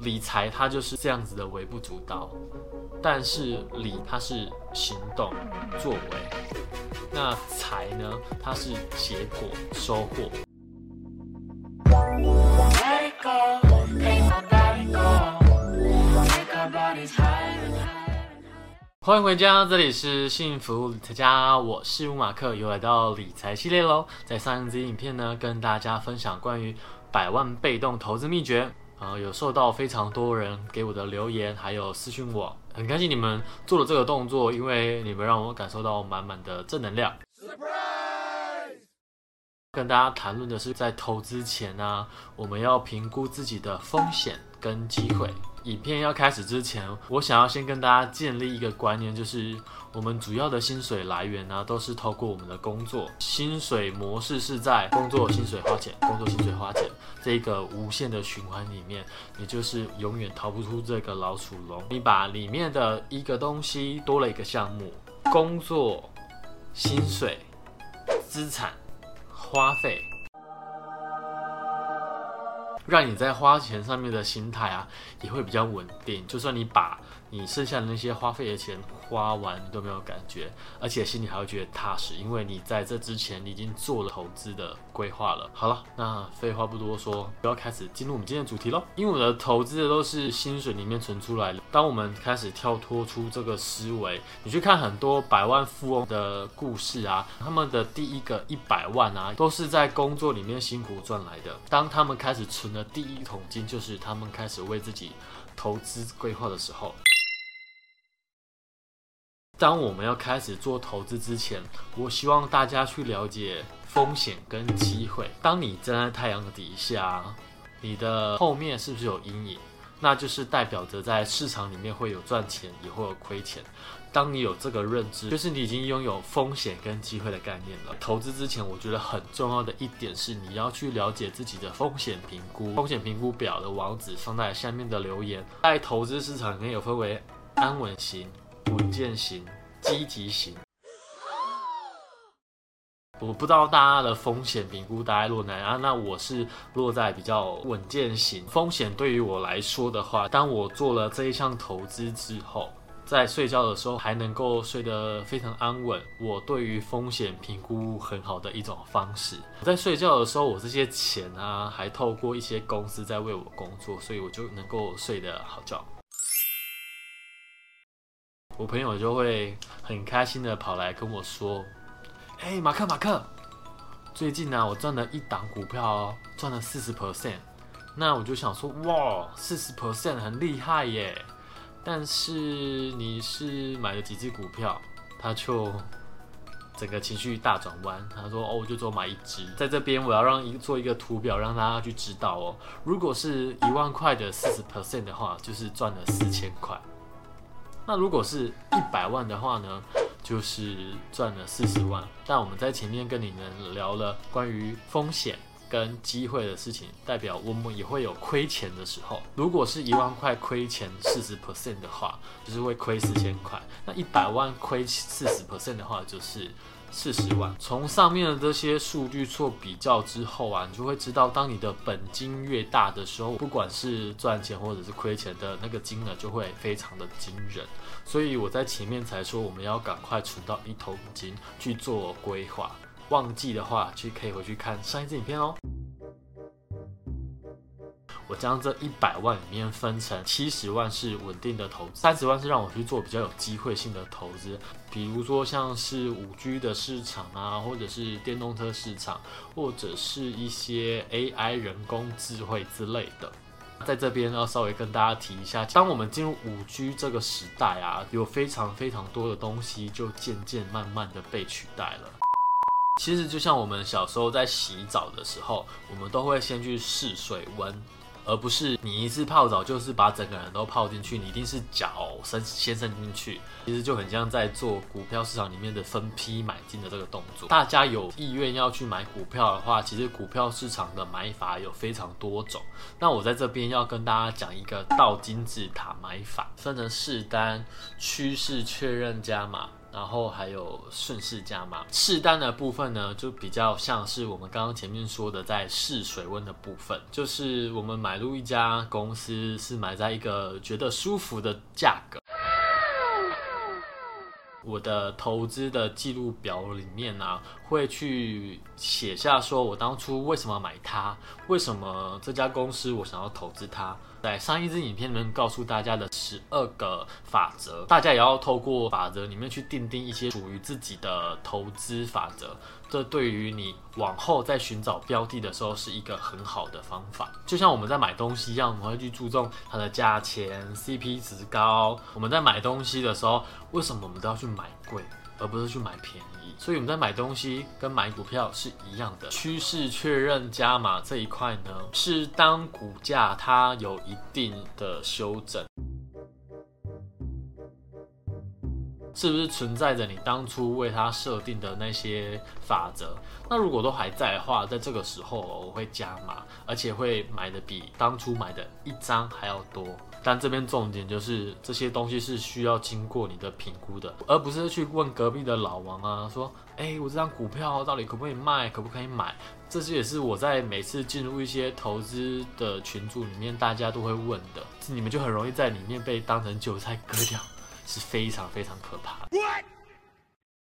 理財它就是這樣子的微不足道，但是理它是行動作為，那財呢，它是結果收穫。歡迎回家，這裡是幸福理財家，我是吳馬克，又來到理財系列嘍。在上一集影片呢，跟大家分享關於百萬被動投資秘訣。啊、嗯，有收到非常多人給我的留言，還有私訊我，很開心你們做了這個動作，因為你們讓我感受到滿滿的正能量。Surprise! 跟大家談論的是，在投資前呢、啊，我們要評估自己的風險跟機會。影片要開始之前，我想要先跟大家建立一個觀念，就是我們主要的薪水來源呢、啊，都是透過我們的工作。薪水模式是在工作、薪水、花錢，工作、薪水、花錢這個無限的循環裡面，你就是永遠逃不出這個老鼠籠。你把裡面的一個東西多了一個項目：工作、薪水、資產、花費。讓你在花錢上面的心態啊，也會比較穩定。就算你把你剩下的那些花費的錢花完都沒有感覺，而且心裡還會覺得踏實，因為你在這之前你已經做了投資的規劃了。好了，那廢話不多說，不要開始進入我們今天的主題嘍。因為我的投資都是薪水裡面存出來的。當我們開始跳脫出這個思維，你去看很多百萬富翁的故事啊，他們的第一個一百萬啊，都是在工作裡面辛苦賺來的。當他們開始存的第一桶金，就是他們開始為自己投資規劃的時候。當我們要開始做投資之前，我希望大家去了解風險跟機會。當你站在太陽底下，你的後面是不是有陰影？那就是代表着在市場裡面會有賺錢，也會有虧錢。當你有這個認知，就是你已經擁有風險跟機會的概念了。投資之前，我覺得很重要的一點是你要去了解自己的風險評估。風險評估表的網址放在下面的留言。在投資市場裡面有分為安穩型。穩健型，積極型。 我不知道大家的風險評估大概落在哪？啊，那我是落在比較穩健型。風險對於我來說的話，當我做了這一項投資之後，在睡覺的時候還能夠睡得非常安穩。我對於風險評估很好的一種方式，在睡覺的時候，我這些錢啊，還透過一些公司在為我工作，所以我就能夠睡得好覺。我朋友就會很開心的跑來跟我說：“哎，馬克馬克，最近呢、啊、我賺了一檔股票，哦，賺了四十 percent。”那我就想說：“哇，四十 percent 很厲害耶！”但是你是買了幾隻股票？他就整個情緒大轉彎，他說：“哦，我就做買一隻，在這邊我要讓一做一個圖表讓大家去知道哦。如果是一萬塊的四十 percent 的話，就是賺了四千塊。”那如果是一百萬的話呢，就是賺了四十萬。但我們在前面跟你們聊了關於風險跟機會的事情，代表我們也會有虧錢的時候。如果是一萬塊虧錢四十 percent 的話，就是會虧四千塊。那一百萬虧四十 percent 的話，就是四十萬，從上面的這些數據做比較之後啊，你就會知道，當你的本金越大的時候，不管是賺錢或者是虧錢的那個金額就會非常的驚人。所以我在前面才說，我們要趕快存到一桶金去做規劃。忘記的話，就可以回去看上一支影片哦。我將這一百萬裡面分成七十萬是穩定的投資，三十萬是讓我去做比較有機會性的投資，比如說像是五 G 的市場啊，或者是電動車市場，或者是一些 AI 人工智慧之類的。在這邊要稍微跟大家提一下，當我們進入五 G 這個時代啊，有非常非常多的東西就漸漸慢慢的被取代了。其實就像我們小時候在洗澡的時候，我們都會先去試水溫。而不是你一次泡澡就是把整個人都泡進去，你一定是腳伸先伸進去，其實就很像在做股票市場裡面的分批買進的這個動作。大家有意願要去買股票的話，其實股票市場的買法有非常多種。那我在這邊要跟大家講一個倒金字塔買法，分成試單、趨勢確認加碼。然後還有順勢加碼試單的部分呢，就比較像是我們剛剛前面說的，在試水溫的部分，就是我們買入一家公司是買在一個覺得舒服的價格。啊，我的投資的記錄表裡面呢，啊，會去寫下說我當初為什麼買它，為什麼這家公司我想要投資它。在上一支影片裡面告訴大家的十二個法則，大家也要透過法則裡面去訂定一些屬於自己的投資法則。這對於你往後在尋找標的的時候是一個很好的方法。就像我們在買東西一樣，我們會去注重它的價錢、CP 值高。我們在買東西的時候，為什麼我們都要去買貴？而不是去買便宜，所以我們在買東西跟買股票是一樣的。趨勢確認加碼這一塊呢，是當股價它有一定的修正。是不是存在着你當初為它設定的那些法則？那如果都還在的話，在這個時候我會加碼，而且會買的比當初買的一張還要多。但這邊重點就是這些東西是需要經過你的評估的，而不是去問隔壁的老王啊，說，哎、欸，我這張股票到底可不可以賣，可不可以買？這些也是我在每次進入一些投資的群組裡面，大家都會問的，你們就很容易在裡面被當成韭菜割掉。是非常非常可怕的。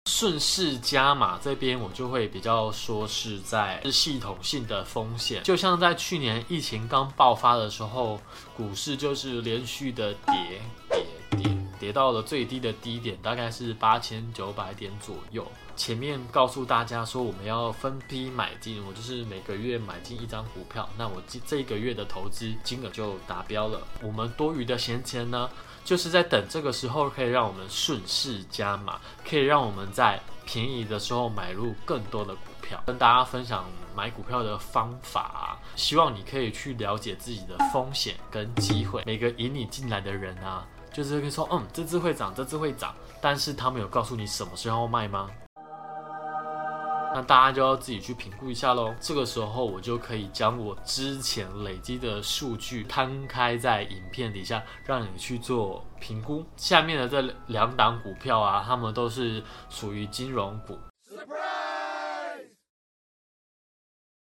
順勢加碼這邊，我就會比較說是在系統性的風險。就像在去年疫情剛爆發的時候，股市就是連續的跌跌跌，跌到了最低的低點，大概是八千九百點左右。前面告訴大家說，我們要分批買進，我就是每個月買進一張股票，那我這這個月的投資金額就達標了。我們多餘的閒錢呢？就是在等這個時候，可以讓我們順勢加碼，可以讓我們在便宜的時候買入更多的股票。跟大家分享買股票的方法啊，希望你可以去了解自己的風險跟機會。每個引你進來的人啊，就是可以說，嗯，這隻會漲，這隻會漲，但是他們有告訴你什麼時候賣嗎？那大家就要自己去評估一下嘍。這個時候，我就可以將我之前累積的數據攤開在影片底下，讓你去做評估。下面的這兩檔股票啊，它們都是屬於金融股。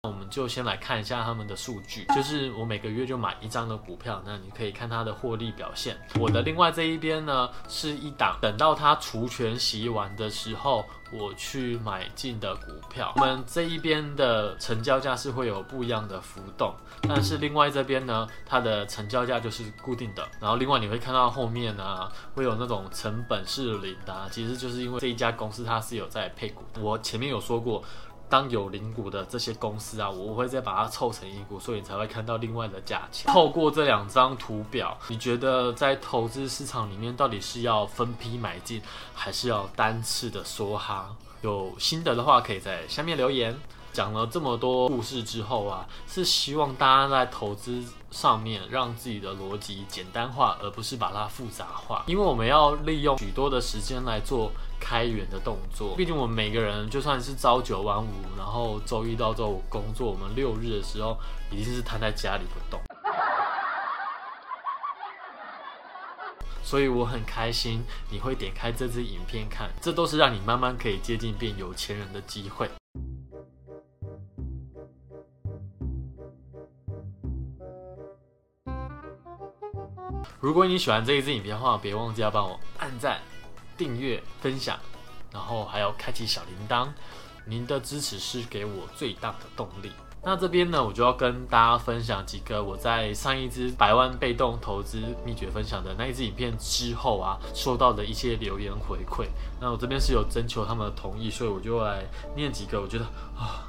我們就先來看一下他們的數據，就是我每個月就買一張的股票，那你可以看它的獲利表現。我的另外這一邊呢是一檔，等到它除權息完的時候，我去買進的股票。我們這一邊的成交價是會有不一樣的浮動，但是另外這邊呢，它的成交價就是固定的。然後另外你會看到後面呢，啊，會有那種成本是零的，啊，其實就是因為這一家公司它是有在配股，我前面有說過。當有零股的這些公司啊，我會再把它湊成一股，所以你才會看到另外的價錢。透過這兩張圖表，你覺得在投資市場裡面，到底是要分批買進，還是要單次的梭哈？有心得的話，可以在下面留言。講了這麼多故事之後啊，是希望大家在投資上面讓自己的邏輯簡單化，而不是把它複雜化。因為我們要利用許多的時間來做開源的動作。畢竟我們每個人就算是朝九晚五，然後週一到週五工作，我們六日的時候一定是癱在家裡不動。所以我很開心你會點開這支影片看，這都是讓你慢慢可以接近變有錢人的機會。如果你喜歡這一支影片的話別忘記要幫我按讚、訂閱、分享，然後還有開啟小鈴鐺。您的支持是給我最大的動力。那這邊呢，我就要跟大家分享幾個我在上一支百萬被動投資秘訣分享的那一支影片之後啊，收到的一些留言回饋。那我這邊是有徵求他們的同意，所以我就來念幾個，我覺得啊。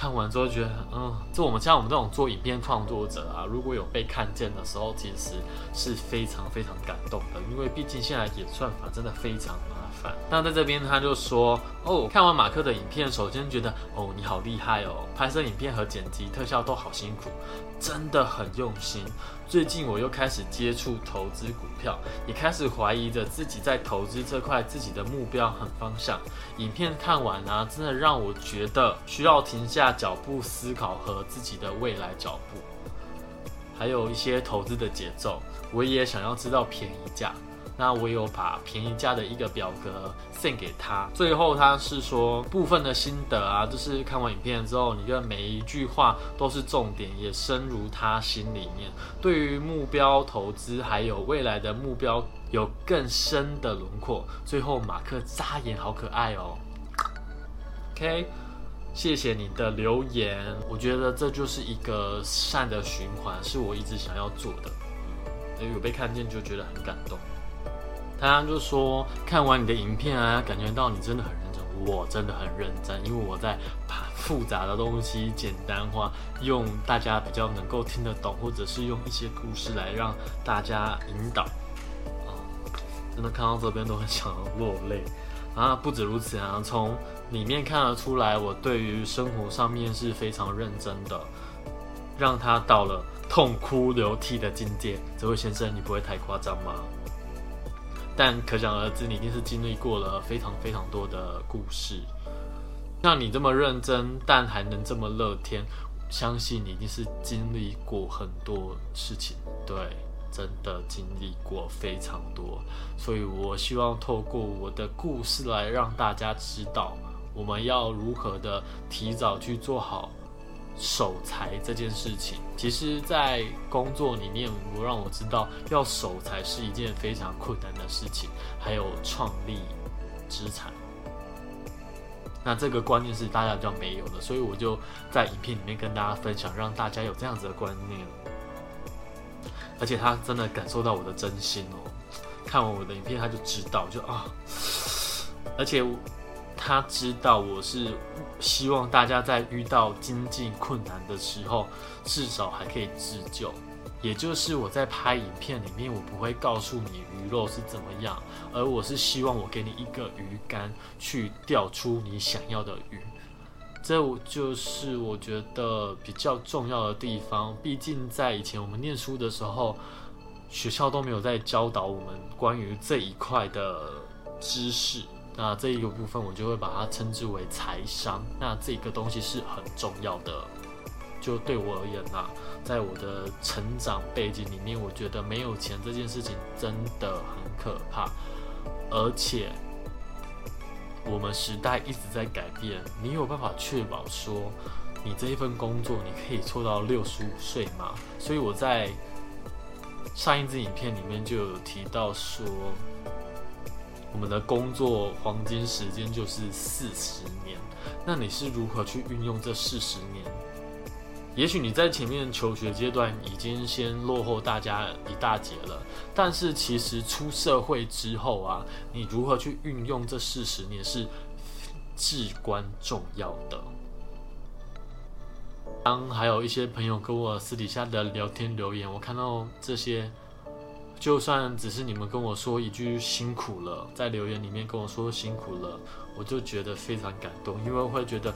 看完之後覺得，嗯，就我們像我們這種做影片創作者啊，如果有被看見的時候，其實是非常非常感動的，因為畢竟現在演算法真的非常難。那在這邊他就說：“哦，看完馬克的影片，首先覺得哦，你好厲害哦！拍攝影片和剪輯特效都好辛苦，真的很用心。最近我又開始接觸投資股票，也開始懷疑着自己在投資這塊自己的目標和方向。影片看完呢、啊，真的讓我覺得需要停下腳步思考和自己的未來腳步，還有一些投資的節奏，我也想要知道便宜價。”那我有把便宜價的一個表格送給他，最後他是說部分的心得啊，就是看完影片之後，你覺得每一句話都是重點，也深入他心裡面，對於目標投資還有未來的目標有更深的輪廓。最後馬克眨眼，好可愛哦。OK，謝謝你的留言，我覺得這就是一個善的循環，是我一直想要做的，有被看見就覺得很感動。他就說：“看完你的影片啊，感覺到你真的很認真，我真的很認真，因為我在把複雜的東西簡單化，用大家比較能夠聽得懂，或者是用一些故事來讓大家引導。嗯”哦，真的看到這邊都很想落淚啊！不止如此啊，從裡面看得出來，我對於生活上面是非常認真的，讓他到了痛哭流涕的境界。這位先生，你不會太誇張嗎？但可想而知，你一定是經歷過了非常非常多的故事。像你這麼認真，但還能這麼樂天，相信你一定是經歷過很多事情。對，真的經歷過非常多。所以我希望透過我的故事來讓大家知道，我們要如何的提早去做好。守財這件事情，其實，在工作裡面，我讓我知道要守財是一件非常困難的事情，還有創立資產。那這個觀念是大家比較沒有的，所以我就在影片裡面跟大家分享，讓大家有這樣子的觀念。而且他真的感受到我的真心哦，看完我的影片他就知道就，就啊，而且我。他知道我是希望大家在遇到經濟困難的時候，至少還可以自救。也就是我在拍影片裡面，我不會告訴你魚肉是怎麼樣，而我是希望我給你一個魚竿去釣出你想要的魚。這就是我覺得比較重要的地方。畢竟在以前我們念書的時候，學校都沒有在教導我們關於這一塊的知識。那這一個部分，我就會把它稱之為財商。那這個東西是很重要的。就對我而言呢、啊，在我的成長背景裡面，我覺得沒有錢這件事情真的很可怕。而且，我們時代一直在改變。你有辦法確保說，你這一份工作你可以做到六十五歲嗎？所以我在上一支影片裡面就有提到說，我們的工作黃金時間就是四十年，那你是如何去運用這四十年？也許你在前面求學階段已經先落後大家一大截了，但是其實出社會之後啊，你如何去運用這四十年是至關重要的。當還有一些朋友跟我私底下的聊天留言，我看到這些。就算只是你們跟我說一句辛苦了，在留言裡面跟我說辛苦了，我就覺得非常感動，因為會覺得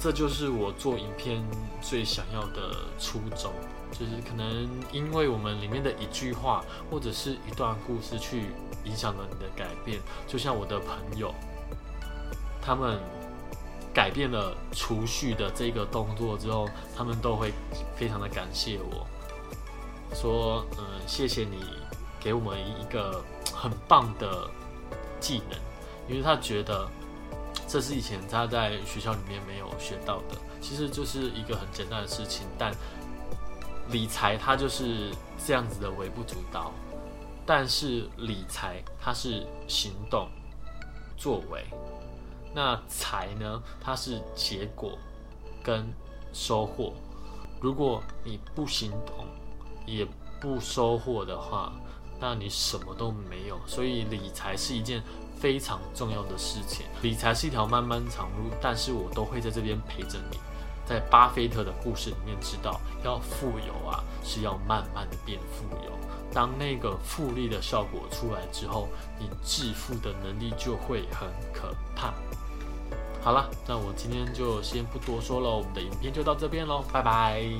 這就是我做影片最想要的初衷，就是可能因為我們裡面的一句話或者是一段故事去影響了你的改變，就像我的朋友，他們改變了儲蓄的這個動作之後，他們都會非常的感謝我。說，嗯，謝謝你給我們一個很棒的技能，因為他覺得這是以前他在學校裡面沒有學到的。其實就是一個很簡單的事情，但理財它就是這樣子的微不足道。但是理財它是行動、作為，那財呢，它是結果跟收穫。如果你不行動，也不收穫的話，那你什麼都沒有。所以理財是一件非常重要的事情，理財是一條漫漫長路。但是我都會在這邊陪着你。在巴菲特的故事裡面知道，要富有啊是要慢慢的變富有。當那個複利的效果出來之後，你致富的能力就會很可怕。好了，那我今天就先不多說了，我們的影片就到這邊嘍，拜拜。